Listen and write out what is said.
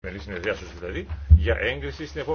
μερή συνεδρία δηλαδή, για έγκριση στην επόμενη.